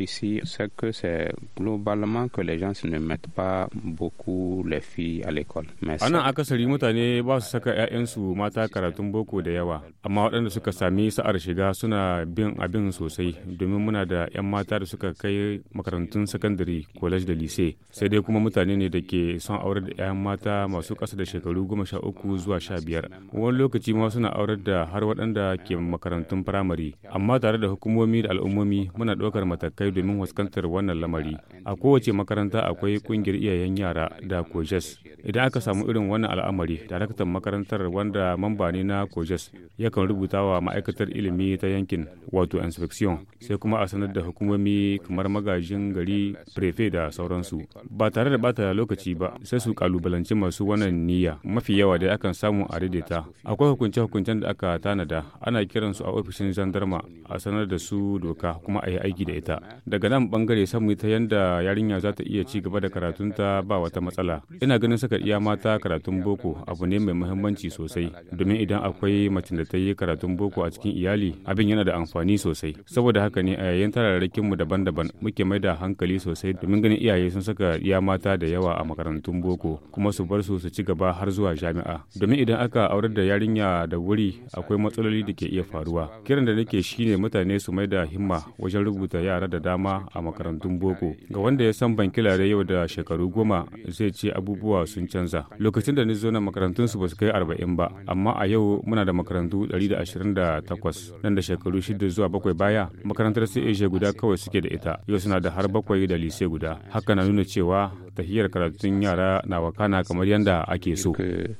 ici, c'est que c'est globalement que les gens ne mettent pas beaucoup les filles à l'école. A nan akasari mutane ba su saka 'ya'yansu mata karatun boko da yawa, amma waɗanda suka sami sa'ar shiga suna bin abin sosai domin muna da 'yan mata da suka kai makarantun sakandare, college da lise. Sai dai kuma mutane ne da ke son aurar da ƴan mata masu ƙasa da shekaru goma sha uku zuwa sha biyar. Wani lokaci ma suna aurar da har waɗanda ke makarantun firamare, amma tare da hukumomi da al'ummomi muna ɗaukar matakai tare domin fuskantar wannan lamari. A kowace makaranta akwai ƙungiyar iyayen yara da kojes Idan aka samu irin wannan al'amari, daraktan makarantar wanda mamba ne na kojes yakan rubuta wa ma'aikatar ilimi ta yankin wato inspection sai kuma a sanar da hukumomi kamar magajin gari prefe da sauransu. Ba tare da bata lokaci ba sai su kalubalanci masu wannan niyya mafi yawa da akan samu a daidaita. Akwai hukunce-hukuncen da aka tanada ana kiran su a ofishin jandarma a sanar da su doka kuma a yi aiki da ita. Daga nan bangare samu ta yanda yarinya za ta iya ci gaba da karatunta ba wata matsala. Ina ganin saka iya mata karatun boko abu ne mai muhimmanci sosai domin idan akwai macen da ta yi karatun boko a cikin iyali abin yana da amfani sosai saboda haka ne a yayin tararrakin mu daban-daban muke mai da hankali sosai domin ganin iyaye sun saka iya mata da yawa a makarantun boko kuma su bar su su ci gaba har zuwa jami'a domin idan aka aurar da yarinya da wuri akwai matsaloli da ke iya faruwa kiran da nake shine mutane su mai da himma wajen rubuta yara da dama a makarantun boko ga wanda ya san bankilare yau da shekaru goma zai ce abubuwa su sun canza. Lokacin da ni zo na makarantun su ba kai arba'in ba, amma a yau muna da makarantu da da ashirin takwas nan da shekaru shida zuwa bakwai baya makarantar CAG guda kawai suke da ita. Yau suna da har bakwai da lise guda. Haka na nuna cewa tahiyar karatun yara na wakana kamar yadda ake so.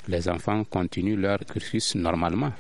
Les enfants continuent leur cursus normalement.